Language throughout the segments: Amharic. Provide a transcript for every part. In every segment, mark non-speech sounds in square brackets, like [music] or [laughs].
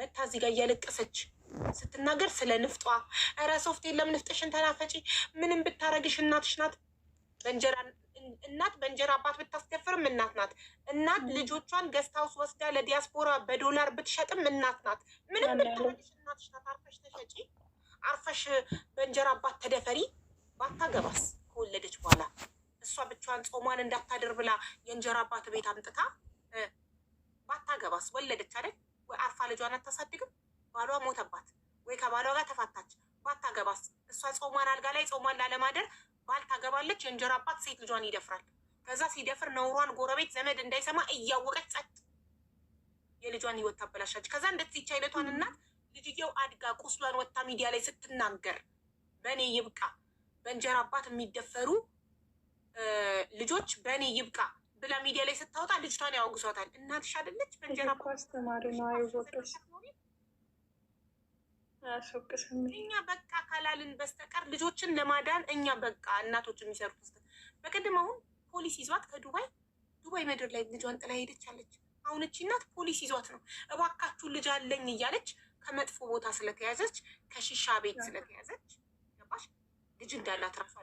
መታ እዚህ ጋር እያለቀሰች ስትናገር ስለ ንፍጧ፣ እረ ሶፍት የለም ንፍጥሽን ተናፈጪ፣ ምንም ብታረግሽ እናትሽ ናት። በእንጀራ እናት በእንጀራ አባት ብታስደፍርም እናት ናት። እናት ልጆቿን ገስታውስ ወስዳ ለዲያስፖራ በዶላር ብትሸጥም እናት ናት። ምንም ብታረግሽ እናትሽ ናት። አርፈሽ ተሸጪ፣ አርፈሽ በእንጀራ አባት ተደፈሪ። ባታገባስ ከወለደች በኋላ እሷ ብቻዋን ጾሟን እንዳታድር ብላ የእንጀራ አባት ቤት አምጥታ ባታገባስ ወለደች አይደል? ወይ አርፋ ልጇን አታሳድግም? ባሏ ሞተባት ወይ ከባሏ ጋር ተፋታች፣ ባታገባስ? እሷ ጾሟን አልጋ ላይ ጾሟን ላለማደር ታገባለች። የእንጀራ አባት ሴት ልጇን ይደፍራል። ከዛ ሲደፍር ነውሯን ጎረቤት ዘመድ እንዳይሰማ እያወቀች ጸጥ የልጇን ህይወት ታበላሻች። ከዛ እንደዚች አይነቷን እናት ልጅየው አድጋ ቁስሏን ወታ ሚዲያ ላይ ስትናገር በእኔ ይብቃ፣ በእንጀራ አባት የሚደፈሩ ልጆች በእኔ ይብቃ ብላ ሚዲያ ላይ ስታወጣ ልጅቷን ያወግሷታል። እናትሽ አይደለች በእንጀራ አስተማሪ ነው እኛ በቃ ካላልን በስተቀር ልጆችን ለማዳን እኛ በቃ እናቶች የሚሰሩት ስ አሁን ፖሊስ ይዟት ከዱባይ ዱባይ ምድር ላይ ልጇን ጥላ ሄደች አለች። አሁን እቺ እናት ፖሊስ ይዟት ነው እባካችሁ ልጅ አለኝ እያለች ከመጥፎ ቦታ ስለተያዘች ከሽሻ ቤት ስለተያዘች ገባሽ ልጅ እንዳላት ራሷ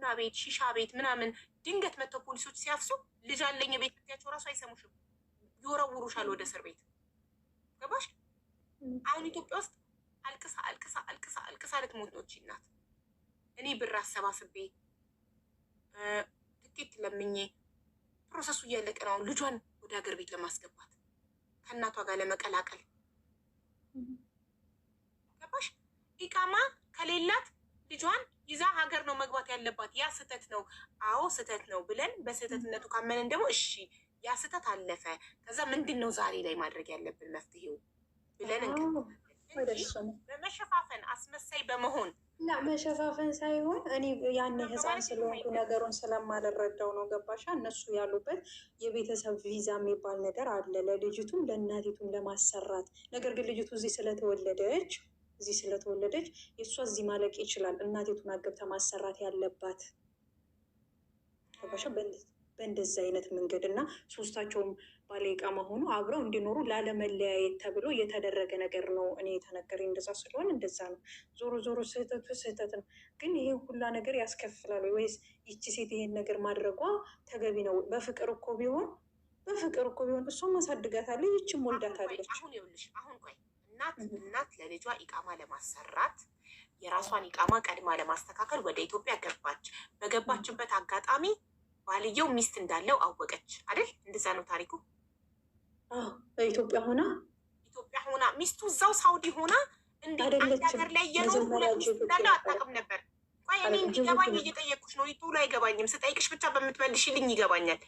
ቡና ቤት፣ ሺሻ ቤት ምናምን ድንገት መተው ፖሊሶች ሲያፍሱ ልጅ አለኝ ቤት ብትያቸው እራሱ አይሰሙሽም፣ ይወረውሩሻል ወደ እስር ቤት ገባሽ። አሁን ኢትዮጵያ ውስጥ አልቅሳ አልቅሳ አልቅሳ አልቅሳ ልትሞት ነው እኔ ብር አሰባስቤ ትኬት ለምኜ ፕሮሰሱ እያለቀ ነው። ልጇን ወደ ሀገር ቤት ለማስገባት ከእናቷ ጋር ለመቀላቀል ገባሽ። ኢቃማ ከሌላት ልጇን ይዛ ሀገር ነው መግባት ያለባት። ያ ስህተት ነው። አዎ ስህተት ነው ብለን በስህተትነቱ ካመንን ደግሞ እሺ ያ ስህተት አለፈ። ከዛ ምንድን ነው ዛሬ ላይ ማድረግ ያለብን መፍትሄው ብለን በመሸፋፈን አስመሳይ በመሆን እና መሸፋፈን ሳይሆን እኔ ያን ህፃን ስለሆንኩ ነገሩን ስለማልረዳው ነው። ገባሻ? እነሱ ያሉበት የቤተሰብ ቪዛ የሚባል ነገር አለ፣ ለልጅቱም ለእናቲቱም ለማሰራት ነገር ግን ልጅቱ እዚህ ስለተወለደች እዚህ ስለተወለደች የእሷ እዚህ ማለቅ ይችላል። እናቴቱን አገብታ ማሰራት ያለባት በእንደዚህ አይነት መንገድ እና ሶስታቸውም ቃማ መሆኑ አብረው እንዲኖሩ ላለመለያየት ተብሎ የተደረገ ነገር ነው። እኔ የተነገረኝ እንደዛ ስለሆነ እንደዛ ነው። ዞሮ ዞሮ ስህተቱ ስህተት ነው። ግን ይሄ ሁላ ነገር ያስከፍላል ወይስ ይቺ ሴት ይሄን ነገር ማድረጓ ተገቢ ነው? በፍቅር እኮ ቢሆን በፍቅር እኮ ቢሆን እሷም አሳድጋታለች፣ ይችም ወልዳታለች። አሁን ቆይ እናት እናት ለልጇ ኢቃማ ለማሰራት የራሷን ኢቃማ ቀድማ ለማስተካከል ወደ ኢትዮጵያ ገባች። በገባችበት አጋጣሚ ባልየው ሚስት እንዳለው አወቀች አይደል? እንደዛ ነው ታሪኩ። ኢትዮጵያ ሆና ኢትዮጵያ ሆና ሚስቱ እዛው ሳውዲ ሆና እንደ አንድ ሀገር ላይ የኖሩ ሁለት ሚስት እንዳለው አታውቅም ነበር። ቆይ እኔ እንዲገባኝ እየጠየቅኩሽ ነው። ቶሎ አይገባኝም። ስጠይቅሽ ብቻ በምትመልሽልኝ ይገባኛል።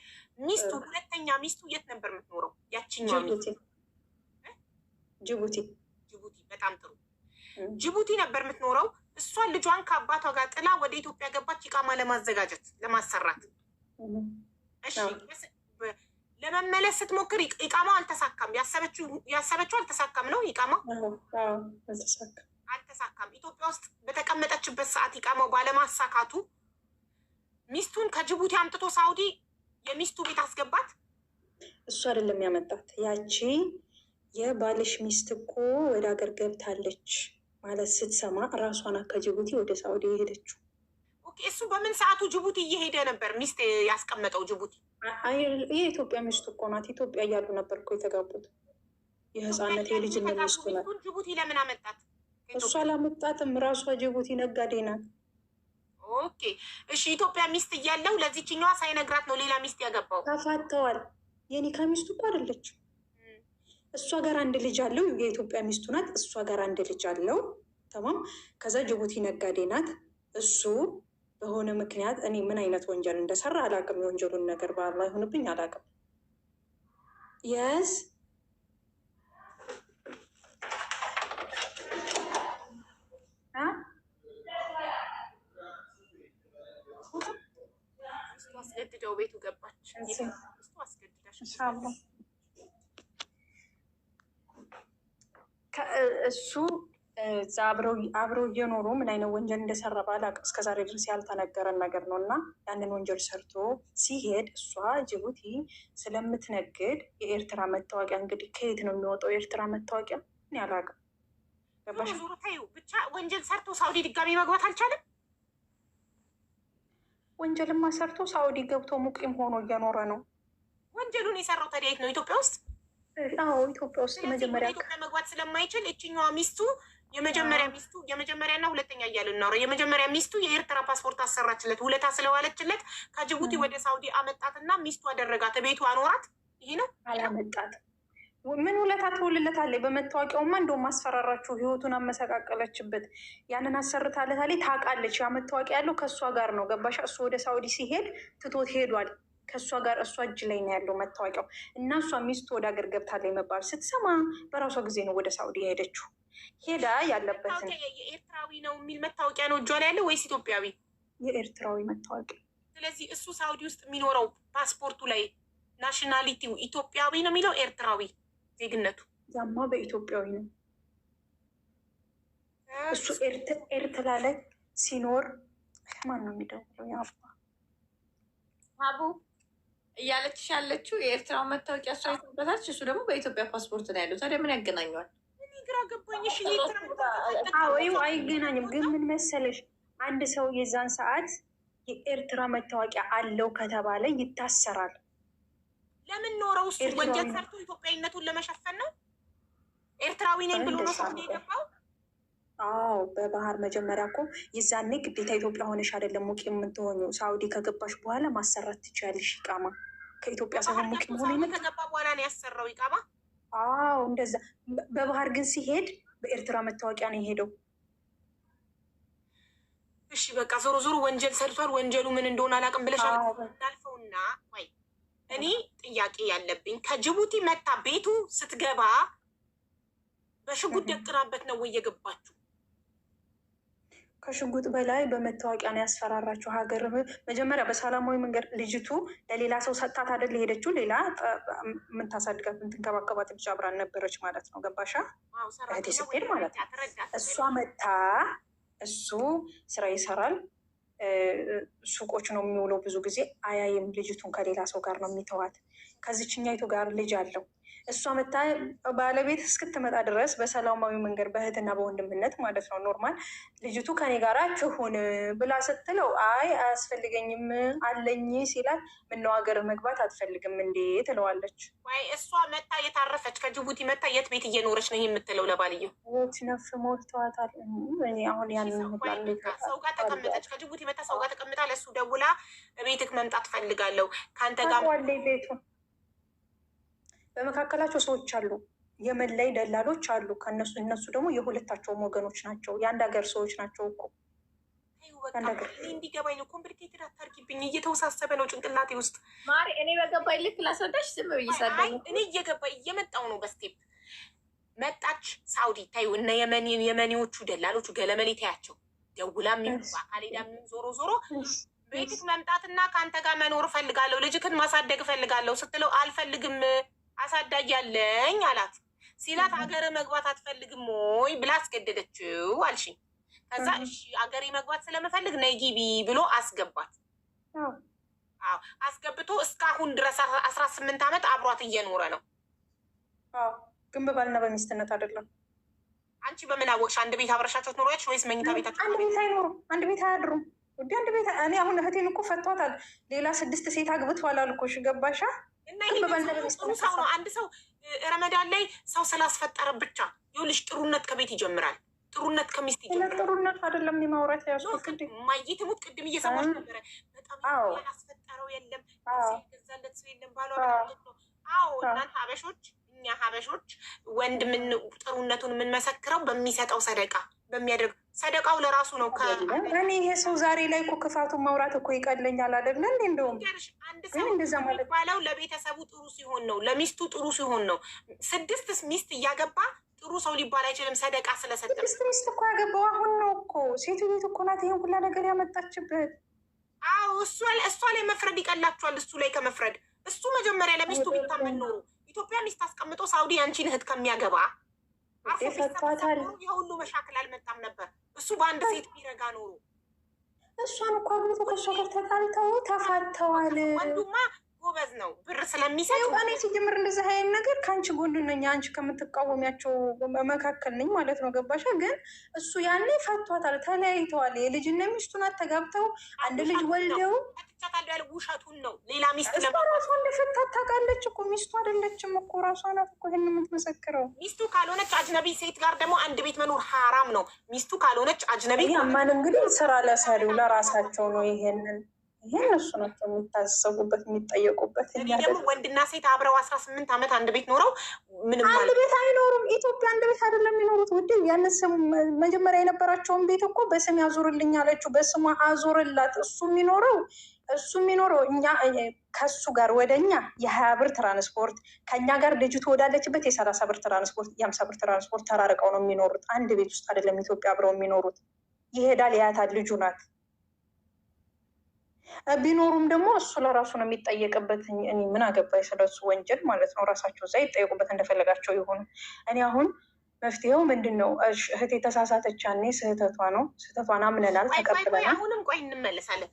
ሚስቱ ሁለተኛ ሚስቱ የት ነበር የምትኖረው? ያችኛዋ ጅቡቲ ጅቡቲ በጣም ጥሩ ጅቡቲ ነበር የምትኖረው። እሷን ልጇን ከአባቷ ጋር ጥላ ወደ ኢትዮጵያ ገባች፣ ኢቃማ ለማዘጋጀት ለማሰራት። እሺ ለመመለስ ስትሞክር ኢቃማው አልተሳካም፣ ያሰበችው አልተሳካም ነው። ኢቃማው አልተሳካም። ኢትዮጵያ ውስጥ በተቀመጠችበት ሰዓት ኢቃማው ባለማሳካቱ ሚስቱን ከጅቡቲ አምጥቶ ሳውዲ የሚስቱ ቤት አስገባት። እሱ አይደለም ያመጣት ያቺ የባልሽ ሚስት እኮ ወደ ሀገር ገብታለች ማለት ስትሰማ እራሷን ከጅቡቲ ወደ ሳውዲ የሄደችው እሱ በምን ሰዓቱ ጅቡቲ እየሄደ ነበር? ሚስት ያስቀመጠው ጅቡቲ የኢትዮጵያ ሚስት እኮ ናት። ኢትዮጵያ እያሉ ነበር እኮ የተጋቡት። የህፃነት የልጅ ሚስቱ ናት። ጅቡቲ ለምን አመጣት? እሷ አላመጣትም። ራሷ ጅቡቲ ነጋዴ ናት። ኦኬ እሺ። ኢትዮጵያ ሚስት እያለው ለዚችኛዋ ሳይነግራት ነው ሌላ ሚስት ያገባው። ተፋተዋል። የኒካ ሚስቱ እኮ አይደለችም እሷ ጋር አንድ ልጅ አለው። የኢትዮጵያ ሚስቱ ናት። እሷ ጋር አንድ ልጅ አለው። ተማም ከዛ ጅቡቲ ነጋዴ ናት። እሱ በሆነ ምክንያት እኔ ምን አይነት ወንጀል እንደሰራ አላቅም። የወንጀሉን ነገር በአላ ይሁንብኝ አላቅም። የስ አስገድደው ቤቱ ገባች። እሱ እዛ አብረው እየኖሩ ምን አይነት ወንጀል እንደሰራ ባላውቅም እስከዛሬ ድረስ ያልተነገረን ነገር ነው እና ያንን ወንጀል ሰርቶ ሲሄድ እሷ ጅቡቲ ስለምትነግድ የኤርትራ መታወቂያ እንግዲህ ከየት ነው የሚወጣው? የኤርትራ መታወቂያ ምን ያላውቅም። ዙሩ ብቻ ወንጀል ሰርቶ ሳውዲ ድጋሚ መግባት አልቻለም። ወንጀልማ ሰርቶ ሳውዲ ገብቶ ሙቂም ሆኖ እየኖረ ነው። ወንጀሉን የሰራው ታዲያ የት ነው? ኢትዮጵያ ውስጥ ኢትዮጵያ ውስጥ መጀመሪያ ኢትዮጵያ መግባት ስለማይችል እችኛዋ ሚስቱ የመጀመሪያ ሚስቱ የመጀመሪያና ሁለተኛ እያለ እናውራ። የመጀመሪያ ሚስቱ የኤርትራ ፓስፖርት አሰራችለት፣ ውለታ ስለዋለችለት ከጅቡቲ ወደ ሳውዲ አመጣትና ሚስቱ አደረጋት፣ ቤቱ አኖራት። ይሄ ነው አላመጣት። ምን ውለታ ትውልለታለች? በመታወቂያውማ እንደውም አስፈራራችሁ፣ ህይወቱን አመሰቃቀለችበት። ያንን አሰርታለታለች። ታውቃለች፣ ያ መታወቂያ ያለው ከእሷ ጋር ነው። ገባሻ? እሱ ወደ ሳውዲ ሲሄድ ትቶት ሄዷል። ከእሷ ጋር እሷ እጅ ላይ ነው ያለው መታወቂያው እና እሷ ሚስቱ ወደ ሀገር ገብታለች መባል ስትሰማ በራሷ ጊዜ ነው ወደ ሳኡዲ የሄደችው። ሄዳ ያለበትን የኤርትራዊ ነው የሚል መታወቂያ ነው እጇ ላይ ያለው ወይስ ኢትዮጵያዊ? የኤርትራዊ መታወቂያ። ስለዚህ እሱ ሳውዲ ውስጥ የሚኖረው ፓስፖርቱ ላይ ናሽናሊቲው ኢትዮጵያዊ ነው የሚለው ኤርትራዊ ዜግነቱ ያማ በኢትዮጵያዊ ነው። እሱ ኤርትራ ላይ ሲኖር ማን ነው የሚደውለው? የአባ ሀቡ እያለችሽ ያለችው የኤርትራ መታወቂያ እሷ የተበታች እሱ ደግሞ በኢትዮጵያ ፓስፖርት ነው ያለው። ታዲያ ምን ያገናኘዋል? ግራ አይገናኝም። ግን ምን መሰለሽ አንድ ሰው የዛን ሰዓት የኤርትራ መታወቂያ አለው ከተባለ ይታሰራል። ለምን ኖረው እሱ ወንጀል ሰርቶ ኢትዮጵያዊነቱን ለመሸፈን ነው። ኤርትራዊ ነኝ ብሎ ነው ሰው የገባው። አዎ በባህር መጀመሪያ እኮ ይዛኔ ግዴታ ኢትዮጵያ ሆነሽ አይደለም ሙቂ የምትሆኙ። ሳውዲ ከገባሽ በኋላ ማሰራት ትችያለሽ። ይቃማ ከኢትዮጵያ ሳይሆን መሆን ይመ ከገባ በኋላ ነው ያሰራው ይቃማ። አዎ እንደዛ። በባህር ግን ሲሄድ በኤርትራ መታወቂያ ነው የሄደው። እሺ በቃ ዞሮ ዞሮ ወንጀል ሰርቷል። ወንጀሉ ምን እንደሆነ አላውቅም ብለሻል። እንዳልፈውና ወይ እኔ ጥያቄ ያለብኝ ከጅቡቲ መታ ቤቱ ስትገባ በሽጉጥ ደቅናበት ነው ወይ የገባችሁ? ከሽጉጥ በላይ በመታወቂያ ነው ያስፈራራቸው። ሀገር መጀመሪያ በሰላማዊ መንገድ ልጅቱ ለሌላ ሰው ሰጥታት አይደል የሄደችው። ሌላ የምታሳድጋት የምትንከባከባት ልጅ አብራን ነበረች ማለት ነው። ገባሻ እህቴ ስትሄድ ማለት ነው። እሷ መታ እሱ ስራ ይሰራል፣ ሱቆች ነው የሚውለው። ብዙ ጊዜ አያይም ልጅቱን። ከሌላ ሰው ጋር ነው የሚተዋት። ከዚችኛይቱ ጋር ልጅ አለው እሷ መታ ባለቤት እስክትመጣ ድረስ በሰላማዊ መንገድ በእህትና በወንድምነት ማለት ነው ኖርማል ልጅቱ ከኔ ጋር ትሁን ብላ ስትለው አይ አያስፈልገኝም አለኝ ሲላት ምነው ሀገር መግባት አትፈልግም እንዴ ትለዋለች። ወይ እሷ መታ የታረፈች ከጅቡቲ መታ የት ቤት እየኖረች ነው የምትለው ለባልየው ች ነፍስ ሞት ተዋታል። አሁን ሰው ጋር ተቀምጠች ከጅቡቲ መታ ሰው ጋር ተቀምጣ ለእሱ ደውላ ቤትክ መምጣት ፈልጋለሁ ከአንተ ጋር ቤቱ በመካከላቸው ሰዎች አሉ፣ የመለይ ደላሎች አሉ። ከነሱ እነሱ ደግሞ የሁለታቸውም ወገኖች ናቸው፣ የአንድ ሀገር ሰዎች ናቸው እኮ እንዲገባኝ ነው። ኮምፕሊኬትድ አታርጊብኝ፣ እየተወሳሰበ ነው ጭንቅላቴ ውስጥ ማሪ። እኔ በገባኝ ልክ ላስረዳሽ። ዝም ብይሳለሁ። እኔ እየገባኝ እየመጣው ነው። በስቴፕ መጣች ሳውዲ ታዩ እነ የመኔዎቹ ደላሎቹ ገለመኔ ታያቸው ደውላ የሚባ በአካል ምን ዞሮ ዞሮ ቤትክ መምጣትና ከአንተ ጋር መኖር እፈልጋለሁ ልጅክን ማሳደግ እፈልጋለሁ ስትለው አልፈልግም አሳዳጊ አለኝ አላት። ሲላት ሀገር መግባት አትፈልግም ወይ ብላ አስገደደችው አልሽኝ። ከዛ እሺ አገሬ መግባት ስለምፈልግ ነይ ግቢ ብሎ አስገባት። አዎ አስገብቶ እስካሁን ድረስ አስራ ስምንት ዓመት አብሯት እየኖረ ነው። ግን በባልና በሚስትነት አይደለም። አንቺ በምን አወቅሽ? አንድ ቤት አብረሻቸው ትኖሪያለሽ ወይስ መኝታ ቤታቸው? አንድ ቤት አይኖሩም፣ አንድ ቤት አያድሩም። ውድ አንድ ቤት እኔ አሁን እህቴን እኮ ፈቷታል። ሌላ ስድስት ሴት አግብቷል አልኮሽ ገባሻ? አንድ ሰው ረመዳን ላይ ሰው ስላስፈጠረ ብቻ ይኸውልሽ፣ ጥሩነት ከቤት ይጀምራል። ጥሩነት ከሚስት ይጀምራል። ጥሩነት አይደለም የማውራት ያስቅድ ማየት ሙት ቅድም እየሰማች ነበረ። በጣም ያስፈጠረው የለም ገዛለት ሰው የለም ባለ አዎ እናንተ አበሾች እኛ ሀበሾች ወንድ ጥሩነቱን የምንመሰክረው በሚሰጠው ሰደቃ በሚያደርግ ሰደቃው ለራሱ ነው። እኔ ይሄ ሰው ዛሬ ላይ እኮ ክፋቱን ማውራት እኮ ይቀለኛል አይደለ? እንደውም አንድ ሰው የሚባለው ለቤተሰቡ ጥሩ ሲሆን ነው፣ ለሚስቱ ጥሩ ሲሆን ነው። ስድስት ሚስት እያገባ ጥሩ ሰው ሊባል አይችልም። ሰደቃ ስለሰጠ ስድስት ሚስት እኮ ያገባው አሁን ነው እኮ ሴቱ ቤት እኮ ናት ይሄን ሁላ ነገር ያመጣችበት። አዎ እሷ ላይ መፍረድ ይቀላችኋል፣ እሱ ላይ ከመፍረድ እሱ መጀመሪያ ለሚስቱ ቢታመን ኖሩ ኢትዮጵያ ሊስት አስቀምጦ ሳውዲ አንቺን እህት ከሚያገባ የሁሉ መሻክል አልመጣም ነበር። እሱ በአንድ ሴት ቢረጋ ኖሮ እሷን እኮ ከእሷ ጋር ተጣልተው ተፋተዋል። ወንዱማ ጎበዝ ነው ብር ስለሚሰጥ እኔ ሲጀምር እንደዚህ አይነት ነገር ከአንቺ ጎን ነኝ፣ አንቺ ከምትቃወሚያቸው መካከል ነኝ ማለት ነው። ገባሻ? ግን እሱ ያኔ ፈቷታል፣ ተለያይተዋል። የልጅና ሚስቱ ናት፣ ተጋብተው አንድ ልጅ ወልደው ያለ ውሸቱን ነው። ሌላ ሚስት ራሷ እንደፈታት ታውቃለች እኮ ሚስቱ አይደለችም እኮ ራሷ ናት እኮ ይህን የምትመሰክረው። ሚስቱ ካልሆነች አጅነቢ ሴት ጋር ደግሞ አንድ ቤት መኖር ሀራም ነው። ሚስቱ ካልሆነች አጅነቢ ማን እንግዲህ ስራ ለሰሪው ለራሳቸው ነው ይሄንን ይህ እነሱ ናቸው የሚታዘቡበት የሚጠየቁበት። ደግሞ ወንድና ሴት አብረው አስራ ስምንት ዓመት አንድ ቤት ኖረው ምንም አንድ ቤት አይኖሩም። ኢትዮጵያ አንድ ቤት አይደለም የሚኖሩት ውድ ያን ስም መጀመሪያ የነበራቸውን ቤት እኮ በስም ያዞርልኝ አለችው። በስሙ አዞርላት። እሱ የሚኖረው እሱ የሚኖረው እኛ ከሱ ጋር ወደ እኛ የሀያ ብር ትራንስፖርት ከእኛ ጋር ልጅቱ ወዳለችበት የሰላሳ ብር ትራንስፖርት የአምሳ ብር ትራንስፖርት ተራርቀው ነው የሚኖሩት። አንድ ቤት ውስጥ አይደለም ኢትዮጵያ አብረው የሚኖሩት። ይሄዳል ያያታል። ልጁ ናት ቢኖሩም ደግሞ እሱ ለራሱ ነው የሚጠየቅበት። እኔ ምን አገባኝ ስለሱ ወንጀል ማለት ነው። ራሳቸው እዛ ይጠየቁበት እንደፈለጋቸው የሆኑ እኔ አሁን መፍትሄው ምንድን ነው? እህቴ ተሳሳተች፣ ያኔ ስህተቷ ነው። ስህተቷን አምነናል፣ ተቀብለናል። አሁንም ቆይ እንመለሳለን።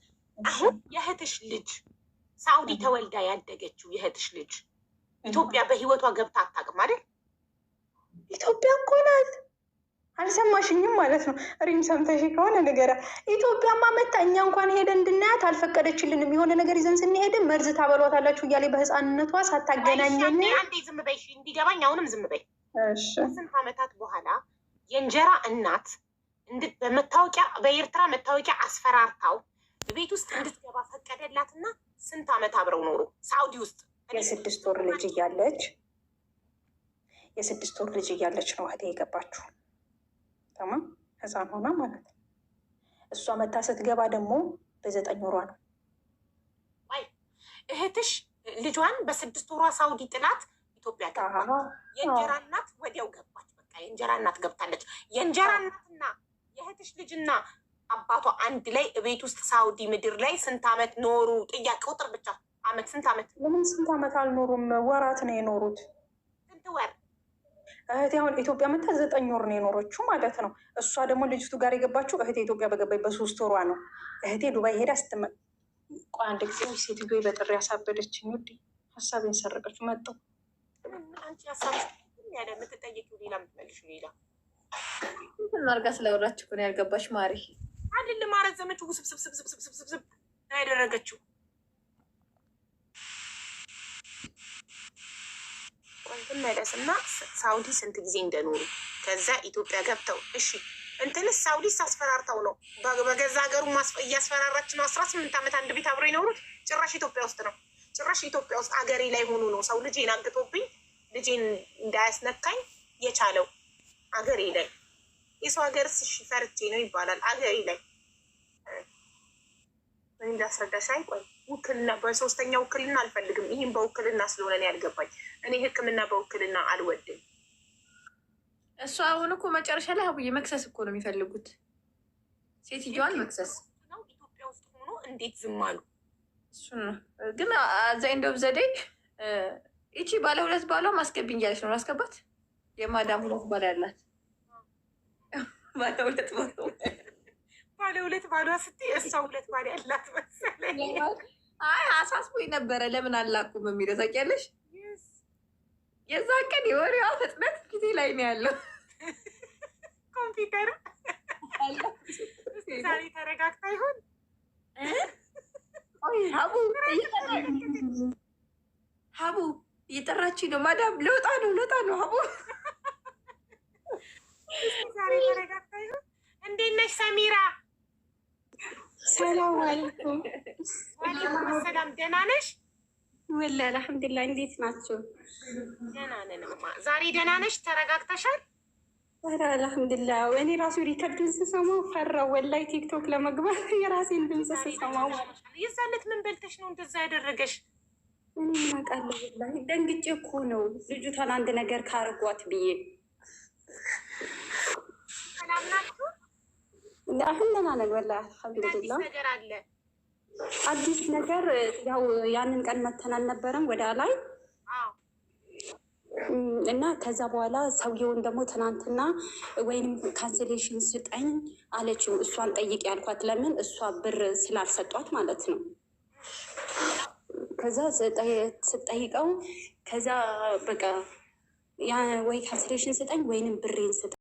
አሁን የእህትሽ ልጅ ሳውዲ ተወልዳ ያደገችው የእህትሽ ልጅ ኢትዮጵያ በህይወቷ ገብታ አታውቅም አይደል? ኢትዮጵያ እኮ አልሰማሽኝም ማለት ነው። ሪም ሰምተሽ ከሆነ ነገር ኢትዮጵያማ መታ እኛ እንኳን ሄደ እንድናያት አልፈቀደችልንም። የሆነ ነገር ይዘን ስንሄድ መርዝ ታበሏታላችሁ እያለ በህፃንነቷ ሳታገናኘን አንዴ ዝም በይ እንዲገባኝ አሁንም ዝም በይ። ስንት ዓመታት በኋላ የእንጀራ እናት በመታወቂያ በኤርትራ መታወቂያ አስፈራርታው ቤት ውስጥ እንድትገባ ፈቀደላትና ስንት ዓመት አብረው ኖሩ ሳውዲ ውስጥ የስድስት ወር ልጅ እያለች የስድስት ወር ልጅ እያለች ነው እህቴ የገባችሁ። ተማም ህፃን ሆና ማለት ነው። እሷ መታ ስትገባ ደግሞ በዘጠኝ ወሯ ነው። እህትሽ ልጇን በስድስት ወሯ ሳውዲ ጥላት ኢትዮጵያ ገባ። የእንጀራ እናት ወዲያው ገባች። በቃ የእንጀራ እናት ገብታለች። የእንጀራ እናትና የእህትሽ ልጅና አባቷ አንድ ላይ ቤት ውስጥ ሳውዲ ምድር ላይ ስንት አመት ኖሩ? ጥያቄ ቁጥር ብቻ አመት ስንት አመት ለምን ስንት አመት አልኖሩም? ወራት ነው የኖሩት። ስንት ወር እህቴ አሁን ኢትዮጵያ መታ ዘጠኝ ወር ነው የኖረችው ማለት ነው። እሷ ደግሞ ልጅቱ ጋር የገባችው እህቴ ኢትዮጵያ በገባች በሶስት ወሯ ነው። እህቴ ዱባይ ሄዳ ስትመ አንድ ጊዜ ሴትዮ በጥሪ ያሳበደችኝ ውድ ሀሳቤን ሰረቀችው መጠው አንቺ ሀሳብ ያለ የምትጠይቂው ሌላ የምትመልሺው ሌላ ማርጋ ስለወራችሁ ነው ያልገባሽ ማሪ አንድ ልማረት ውስብስብስብስብስብስብ ነው ያደረገችው እንመለስ እና ሳውዲ ስንት ጊዜ እንደኖሩ ከዛ ኢትዮጵያ ገብተው እሺ እንትንስ ሳውዲ አስፈራርተው ነው በገዛ ሀገሩ እያስፈራራች ነው። አስራ ስምንት ዓመት አንድ ቤት አብሮ የኖሩት ጭራሽ ኢትዮጵያ ውስጥ ነው። ጭራሽ ኢትዮጵያ ውስጥ አገሬ ላይ ሆኖ ነው ሰው ልጄን አንግጦብኝ ልጄን እንዳያስነካኝ የቻለው አገሬ ላይ የሰው ሀገር ስሽ ፈርቼ ነው ይባላል። አገሬ ላይ እንዳስረዳሽ አይቆይ ውክልና በሶስተኛ ውክልና አልፈልግም። ይህም በውክልና ስለሆነ ያልገባኝ። እኔ ህክምና በውክልና አልወድም። እሱ አሁን እኮ መጨረሻ ላይ አቡዬ መክሰስ እኮ ነው የሚፈልጉት፣ ሴትዮዋን መክሰስ። ኢትዮጵያ ውስጥ ሆኖ እንዴት ዝም አሉ? እሱ ነው ግን አዛኝ እንደው ዘዴ ይቺ ባለ ሁለት ባሏ ማስገብኝ እንጃለች ነው ማስገባት። የማዳም ሁለት ባል ያላት ባለ ሁለት ባለ ሁለት ባሏ ስትይ እሷ ሁለት ባል ያላት መሰለኝ። አይ አሳስቦኝ ነበረ ለምን አላቁም የሚለው ታውቂያለሽ የዛ ቀን የወሬዋ ፍጥነት ጊዜ ላይ ነው ያለው። ኮምፒውተር ዛሬ ተረጋግታ ይሆን? ሀቡ እየጠራች ነው። ማዳም ለውጣ ነው ለውጣ ነው። ሀቡ ዛሬ ተረጋግታ ይሆን? እንዴት ነሽ ሰሚራ? ሰላም አለይኩም። ዋሌኩም ሰላም። ደህና ነሽ? ወላ አልሐምዱሊላህ። እንዴት ናቸው? ደህና ነን። ዛሬ ደህና ነሽ? ተረጋግተሻል? ኧረ አልሐምዱሊላህ። እኔ ራሱ ሪከርድን ስሰማው ፈራው ወላይ ቲክቶክ ለመግባት [laughs] የራሴን ድምፅ ስሰማው። የዛን ምን በልተሽ ነው እንደዛ ያደረገሽ? እኔ የማውቃለሁ። ወላሂ ደንግጬ እኮ ነው ልጅቷን አንድ ነገር ካርጓት ብዬ። ሰላም ናችሁ? አሁን ደህና ነን ወላሂ አልሐምዱሊላህ። ነገር አለ አዲስ ነገር ያው ያንን ቀን መተን አልነበረም ወደ ላይ እና ከዛ በኋላ ሰውየውን ደግሞ ትናንትና ወይም ካንስሌሽን ስጠኝ አለችው። እሷን ጠይቅ ያልኳት ለምን እሷ ብር ስላልሰጧት ማለት ነው። ከዛ ስጠይቀው ከዛ በቃ ወይ ካንስሌሽን ስጠኝ ወይንም ብሬን